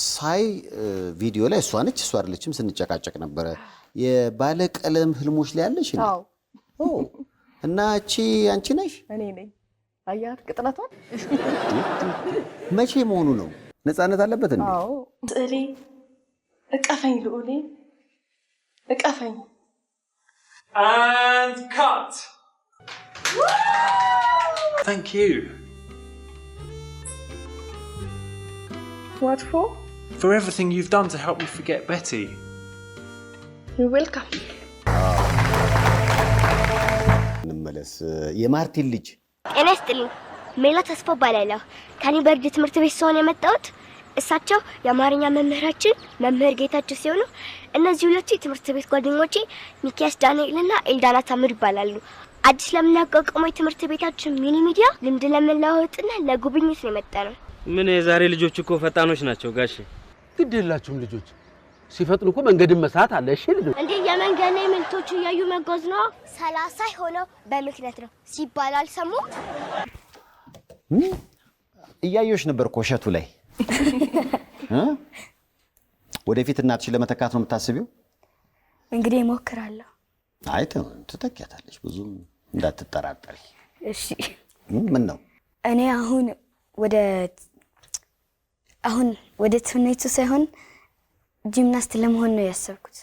ሳይ ቪዲዮ ላይ እሷ ነች እሷ አይደለችም ስንጨቃጨቅ ነበረ። የባለቀለም ህልሞች ላይ ያለሽ እና እቺ አንቺ ነሽ? እኔ ነኝ። አያት ቅጥነቷን መቼ መሆኑ ነው? ነፃነት አለበት ስዕሌ እቀፈኝ፣ ልዑሌ እቀፈኝ። አንድ ካት ታንክ ዩ word for? For everything you've done to help me forget Betty. You're welcome. እንመለስ። የማርቲን ልጅ ጤና ይስጥልኝ። ሜላት ተስፋ እባላለሁ። ትምህርት ቤት ስሆን የመጣሁት እሳቸው የአማርኛ መምህራችን መምህር ጌታቸው ሲሆኑ እነዚህ ሁለቱ የትምህርት ቤት ጓደኞቼ ሚኪያስ ዳንኤልና ኤልዳና ታምር ይባላሉ። አዲስ የትምህርት ቤታችን ሚኒ ሚዲያ ልምድ ለመለዋወጥና ለጉብኝት ነው የመጣ ነው። ምን የዛሬ ልጆች እኮ ፈጣኖች ናቸው ጋሽ። ግድ የላችሁም ልጆች፣ ሲፈጥኑ እኮ መንገድን መሳት አለ። እሺ ልጆች፣ እንዴ የመንገድ ላይ ምልቶቹ እያዩ መጓዝ ነው። ሰላሳ ሆነው በምክንያት ነው ሲባል አልሰሙም። እያየሁሽ ነበር እኮ እሸቱ ላይ። ወደፊት እናትሽን ለመተካት ነው የምታስቢው? እንግዲህ እሞክራለሁ። አይ ትተኪያታለሽ፣ ብዙም እንዳትጠራጠሪ እሺ። ምን ነው እኔ አሁን ወደ አሁን ወደ ትምህርቱ ሳይሆን ጂምናስት ለመሆን ነው ያሰብኩት።